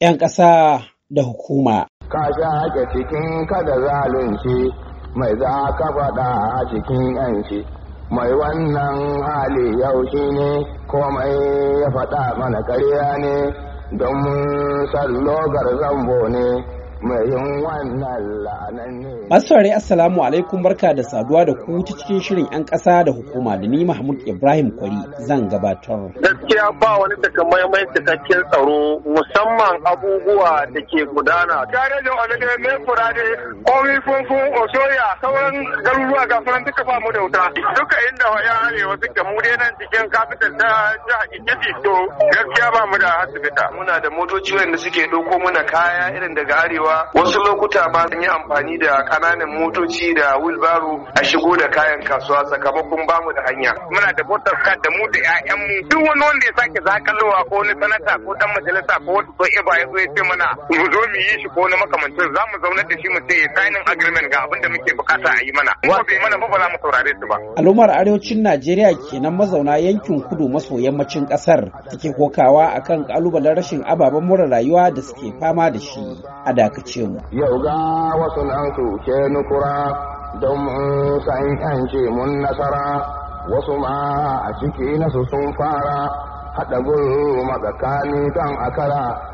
'yan ƙasa da hukuma. Ka sha cikin kada zalunci mai za ka faɗa a cikin 'yanci, mai wannan hali yaushi ne komai ya faɗa mana karya ne don sallogar zambo ne. Masarai Assalamu alaikum barka da saduwa da ku cikin shirin 'yan ƙasa da hukuma da ni Mahmud Ibrahim Kwari zan gabatar. Gaskiya ba wani maimai cikakken tsaro musamman abubuwa da ke gudana. Tare da wani da mai da komi funfun osoya sauran garuruwa ga furan duka famu da wuta. Duka inda waya arewa suka mu dai nan cikin kafital ta jihar Ikiti to gaskiya ba mu da asibita. Muna da motoci wanda suke ɗauko mana kaya irin daga arewa cewa wasu lokuta ma sun yi amfani da kananan motoci da wilbaro a shigo da kayan kasuwa sakamakon ba mu da hanya. Muna da motar card da mu da 'ya'yanmu duk wani wanda ya sake zakalowa ko wani sanata ko dan majalisa ko wani so ba ya zo ya ce mana mu zo mu yi shi ko wani makamancin za mu zaunar da shi mu ce signing agreement ga abin da muke bukata a yi mana. Ko bai mana ba ba za mu saurare su ba. Al'ummar arewacin Najeriya kenan mazauna yankin kudu maso yammacin ƙasar take kokawa akan ƙalubalen rashin ababen more rayuwa da suke fama da shi a ka ce mu yau ga wasu nan su ke nukura don mun san ce mun nasara wasu ma a ciki nasu sun fara haɗa gulu matsakani kan akara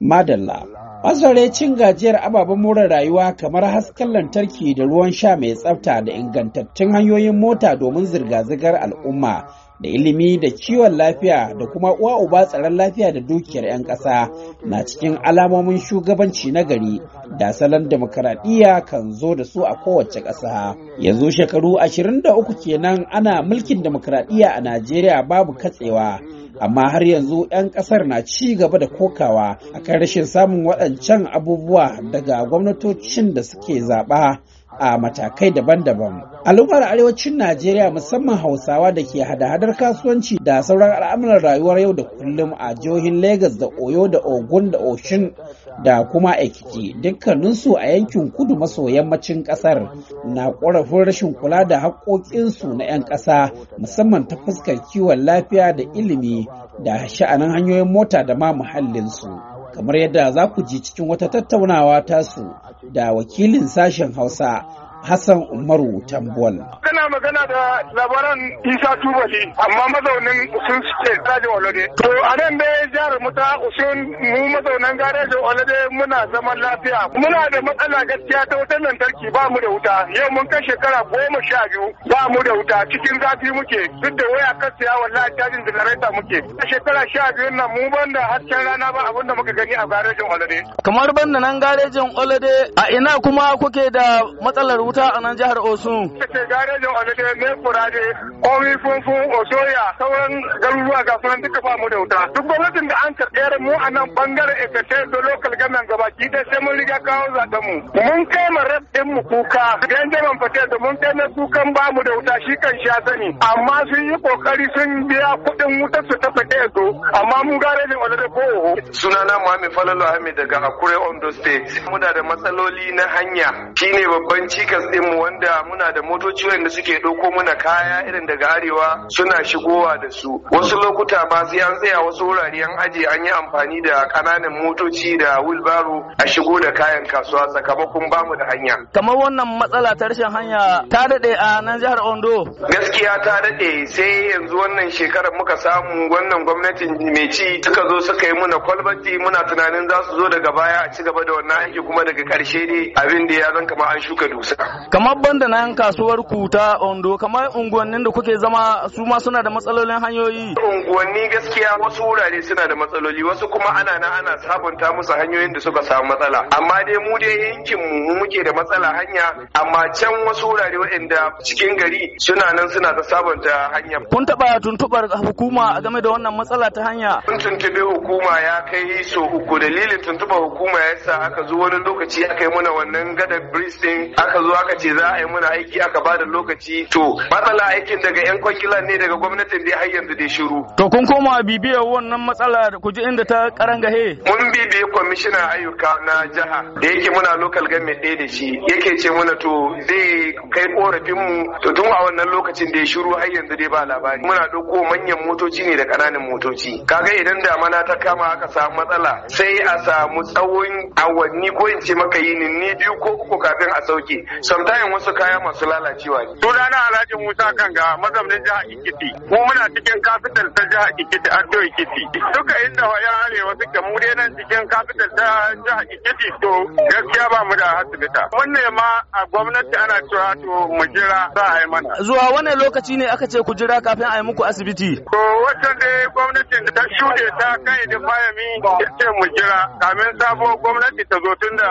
Madalla, masarare cin gajiyar ababen more rayuwa kamar hasken lantarki da ruwan sha mai tsafta da ingantattun hanyoyin mota domin zirga-zirgar al'umma da ilimi da kiwon lafiya da kuma uwa uba tsaron lafiya da dukiyar 'yan ƙasa na cikin alamomin shugabanci na gari da salon demokaradiyya kan zo da su a kowace ƙasa yanzu shekaru 23 kenan ana mulkin demokaradiyya a najeriya babu katsewa amma har yanzu 'yan ƙasar na ci gaba da kokawa a kan rashin samun waɗancan abubuwa daga gwamnatocin da suke zaɓa a matakai daban-daban. Al'ummar arewacin Najeriya musamman Hausawa da ke hada-hadar kasuwanci da sauran al'amuran rayuwar yau da kullum a jihohin Legas da Oyo da Ogun da Oshin da kuma Ekiti dukkaninsu a yankin kudu maso yammacin kasar na ƙorafin rashin kula da haƙoƙinsu na 'yan ƙasa musamman ta fuskar kiwon lafiya da ilimi da sha'anin hanyoyin mota da ma muhallinsu. kamar yadda za ku ji cikin wata tattaunawa tasu da wakilin sashen Hausa Hassan Umaru Tambuwal. Kana magana da labaran Isa Tubali amma mazaunin Usun suke Gaje Olode. To a nan dai jihar muta Usun mu mazaunan Gaje Olode muna zaman lafiya. Muna da matsala gaskiya ta wutar lantarki ba mu da wuta. Yau mun kai shekara goma sha biyu ba mu da wuta cikin zafi muke duk da waya kan siya wallahi cajin generator muke. A shekara sha biyu nan mu da hasken rana ba abin da muka gani a garejin Olode. Kamar ban da nan garejin Olode a ina kuma kuke da matsalar wuta a nan jihar Osun. Ke garejin Olide ne kurade, komi funfun Osoya, sauran garuruwa ga sunan duka famu da wuta. Duk gwamnatin da an karɓe mu a nan bangaren Ekete da lokal gamen gabaki da sai mun riga kawo zaɓen mu. Mun kai ma rep ɗin mu kuka, yan jaman fate da mun kai na kukan ba mu da wuta shi kan sha sani. Amma sun yi kokari sun biya kuɗin wutar su ta fate su. amma mun garejin Olide ko oho. Sunana Muhammad Falalu Ahmed daga Akure Ondo State. Muna da matsaloli na hanya shine babban cikas din mu wanda muna da motoci wanda suke ɗauko muna kaya irin daga arewa suna shigowa da su wasu lokuta ma sai an tsaya wasu wurare an aje an yi amfani da kananan motoci da wilbaro a shigo da kayan kasuwa sakamakon bamu da hanya kamar wannan matsala ta rashin hanya ta daɗe a nan jihar ondo gaskiya ta daɗe sai yanzu wannan shekarar muka samu wannan gwamnatin mai ci suka zo suka yi muna kwalbati muna tunanin za su zo daga baya a ci gaba da wannan aiki kuma daga ƙarshe ne abin da ya zan kama an shuka dusa kamar banda na yan kasuwar ku ta ondo kamar unguwannin da kuke zama su ma suna da matsalolin hanyoyi unguwanni gaskiya wasu wurare suna da matsaloli wasu kuma ana na ana sabunta musu hanyoyin da suka samu matsala amma dai mu dai yankin mu muke da matsala hanya amma can wasu wurare waɗanda cikin gari suna nan suna da sabunta hanya kun taba tuntubar hukuma game da wannan matsala ta hanya kun tuntube hukuma ya kai so uku dalilin tuntubar hukuma ya sa aka zo wani lokaci aka yi mana wannan gadar bridge din aka zo aka ce za a yi muna aiki aka ba da lokaci to matsala aikin daga yan kwangilan ne daga gwamnatin da har yanzu dai shiru. To kun koma bibiyar wannan matsala ku ji inda ta karangahe. Mun bibiye kwamishinan ayyuka na jiha da yake muna lokal government ɗaya da shi yake ce muna to zai kai korafin mu to tun a wannan lokacin da ya shiru har yanzu dai ba labari. Muna ɗauko manyan motoci ne da ƙananan motoci. Kaga idan damana ta kama aka samu matsala sai a samu tsawon awanni ko in ce maka yi ni biyu ko uku kafin a sauke. Samtayin wasu kaya masu lalacewa ne. na Alhaji Musa Kanga mazaunin jihar Ikiti. Mu muna cikin kafital ta jihar Ikiti to Ikiti. Duka inda ya arewa suke mu dai nan cikin kafital ta jihar Ikiti to gaskiya ba mu da asibita. Mun nema a gwamnati ana cewa to mu jira za a yi mana. Zuwa wani lokaci ne aka ce ku jira kafin a yi muku asibiti? To wancan dai gwamnatin da ta shuɗe ta kai da fayami ya ce mu jira kamin sabuwar gwamnati ta zo tun da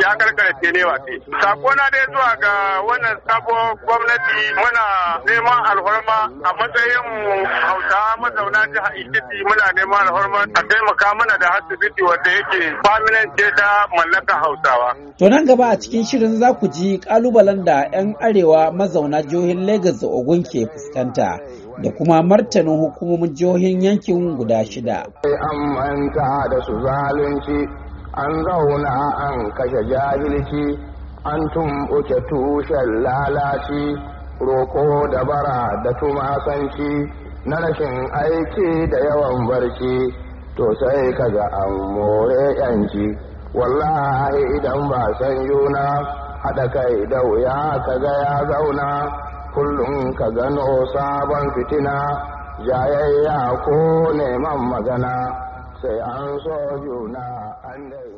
ya karkare tenewa ce. Sakona dai zuwa ga wannan sabon gwamnati muna neman alhorma a matsayin mu hausawa mazauna jihar Ikiti muna neman alhorma a taimaka mana da asibiti wanda yake faminan ce ta mallaka hausawa. To nan gaba a cikin shirin za ku ji kalubalen da 'yan arewa mazauna jihohin Legas da Ogun ke fuskanta da kuma martanin hukumomin jihohin yankin guda shida. An manta da su zalunci, an zauna an kashe jahilci, an tumɓuke tushen lalaci roƙo da bara da tumasanci na rashin aiki da yawan barci to sai kaga an more yanci wallahi idan ba san yuna haɗa kai da wuya kaga ya zauna kullum ka gano sabon fitina jayayya ko neman magana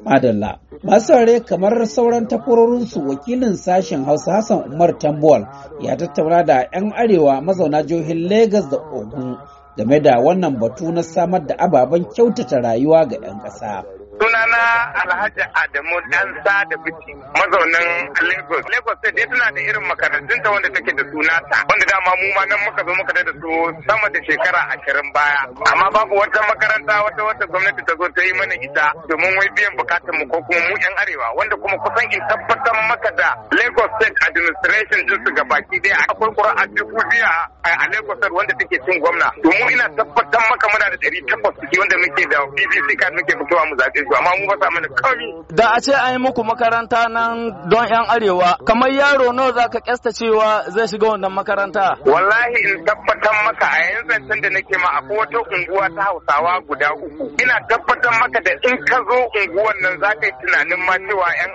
Madalla, masu saurare kamar sauran takwarorinsu wakilin sashen Hausa Hassan Umar Tambuwal ya tattauna da 'yan arewa mazauna jihohin Legas da Ogun game da wannan batu na samar da ababen kyautata rayuwa ga 'yan ƙasa. Sunana Alhaji Adamu Dan sa da Biki mazaunin Lagos. Lagos sai dai tana da irin makarantun ta wanda take da suna ta. wanda dama mu ma nan muka zo muka da su sama da shekara ashirin baya. Amma babu wata makaranta wata wata gwamnati ta zo ta yi mana ita domin wai biyan bukatun mu ko kuma mu yan arewa wanda kuma kusan in tabbatar maka da Lagos State Administration din su gabaki dai akwai a dubu biya a Lagos wanda take cin gwamna. Domin ina tabbatar maka muna da ɗari takwas wanda muke da BBC card muke fitowa mu zaɓe ku amma mu ba sa mana kami da a ce an muku makaranta nan don yan arewa kamar yaro nawa zaka kyasta cewa zai shiga wannan makaranta wallahi in tabbatar maka a yanzu zancen da nake ma akwai wata unguwa ta Hausawa guda uku ina tabbatar maka da in ka zo unguwan nan za ka yi tunanin ma cewa yan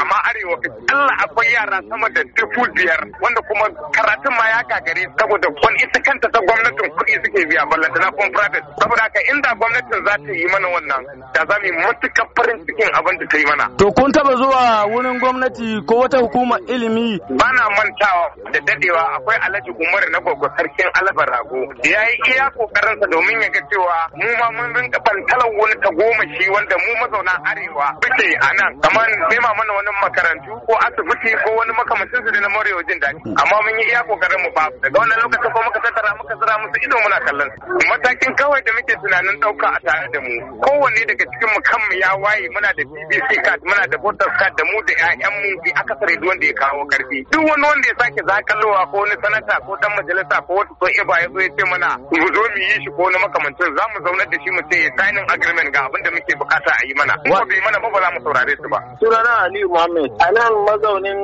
amma arewa Allah akwai yara sama da dubu biyar wanda kuma karatun ma ya gagare saboda kwan ita kanta ta gwamnatin kuɗi suke biya ballantana kuma private saboda haka inda gwamnatin za ta yi mana wannan da za mu matuƙar farin cikin abin da ta yi mana. To kun taba zuwa wurin gwamnati ko wata hukuma ilimi? Ba na mantawa da dadewa akwai Alhaji Umar na gogo sarkin Alfa Rago. Ya yi iya kokarinsa domin ya ga cewa mu ma mun rinka bantalan wani tagomashi wanda mu mazauna arewa bice a nan kamar ma mana wani makarantu ko asibiti ko wani makamashin su da na morewa jin daɗi. Amma mun yi iya kokarin mu ba daga wannan lokacin ko muka tattara muka zira musu ido muna kallon. Matakin kawai da muke tunanin ɗauka a tare da mu kowanne daga cikin mu kanmu ya waye muna da BBC card muna da voter card da mu da ƴaƴanmu bi akasari duk wanda ya kawo karfi duk wani wanda ya sake zakalowa ko wani sanata ko dan majalisa ko wata so iba ya zo ya ce mana mu zo mu yi shi ko wani makamancin za mu zauna da shi mu ce signing agreement ga abin da muke bukata a yi mana in ba bai mana ba ba za mu saurare su ba sunana Aliyu Muhammad a nan mazaunin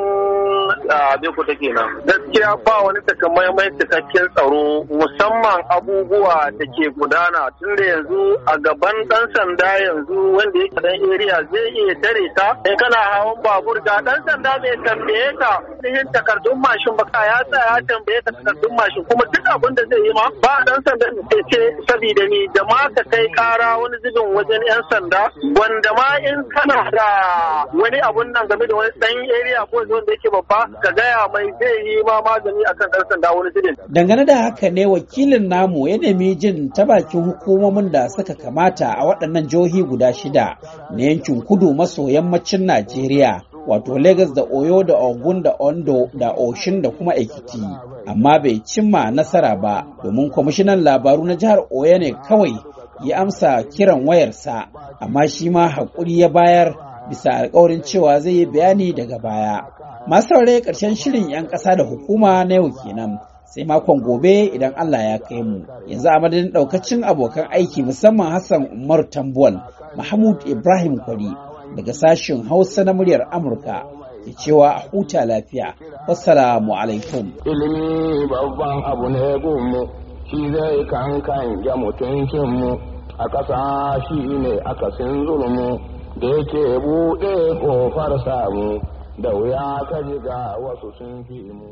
Abeku take nan gaskiya ba wani takamaimai cikakken tsaro musamman abubuwa da ke gudana tun da yanzu a gaban dan sanda yanzu wanda yake dan area zai iya tare ta in kana hawan babur ga dan sanda bai tambaye ka cikin takardun mashin ba ka ya tsaya ya tambaye ka takardun mashin kuma duk abin da zai yi ma ba dan sanda sai ce saboda ni da ma ka kai kara wani zubin wajen yan sanda wanda ma in kana da wani abun nan game da wani dan area ko wanda yake babba ka gaya mai zai yi ma magani akan dan sanda wani zubin dangane da haka ne wakilin namu ya nemi jin ta bakin hukumomin da suka kamata a waɗannan jihohi guda shida da na yankin kudu maso yammacin Najeriya wato Legas da Oyo da Ogun da Ondo da Oshin da kuma Ekiti. Amma bai cimma nasara ba domin kwamishinan labaru na jihar Oyo ne kawai ya amsa kiran wayarsa amma shi ma haƙuri ya bayar bisa alƙawarin cewa zai yi bayani daga baya. Masu ƙarshen shirin 'yan ƙasa da hukuma na yau kenan. sai makon gobe idan Allah ya kai mu yanzu a madadin daukacin abokan aiki musamman Hassan Umar Tambuwal Mahmud Ibrahim Kwari daga sashin Hausa na muryar Amurka ke cewa a huta lafiya wassalamu alaikum ilimi babban abu ne gumu shi zai kankan ya mutuncin mu a ƙasa shi ne akasin zulumu da yake buɗe ƙofar mu da wuya ka wasu sun fi mu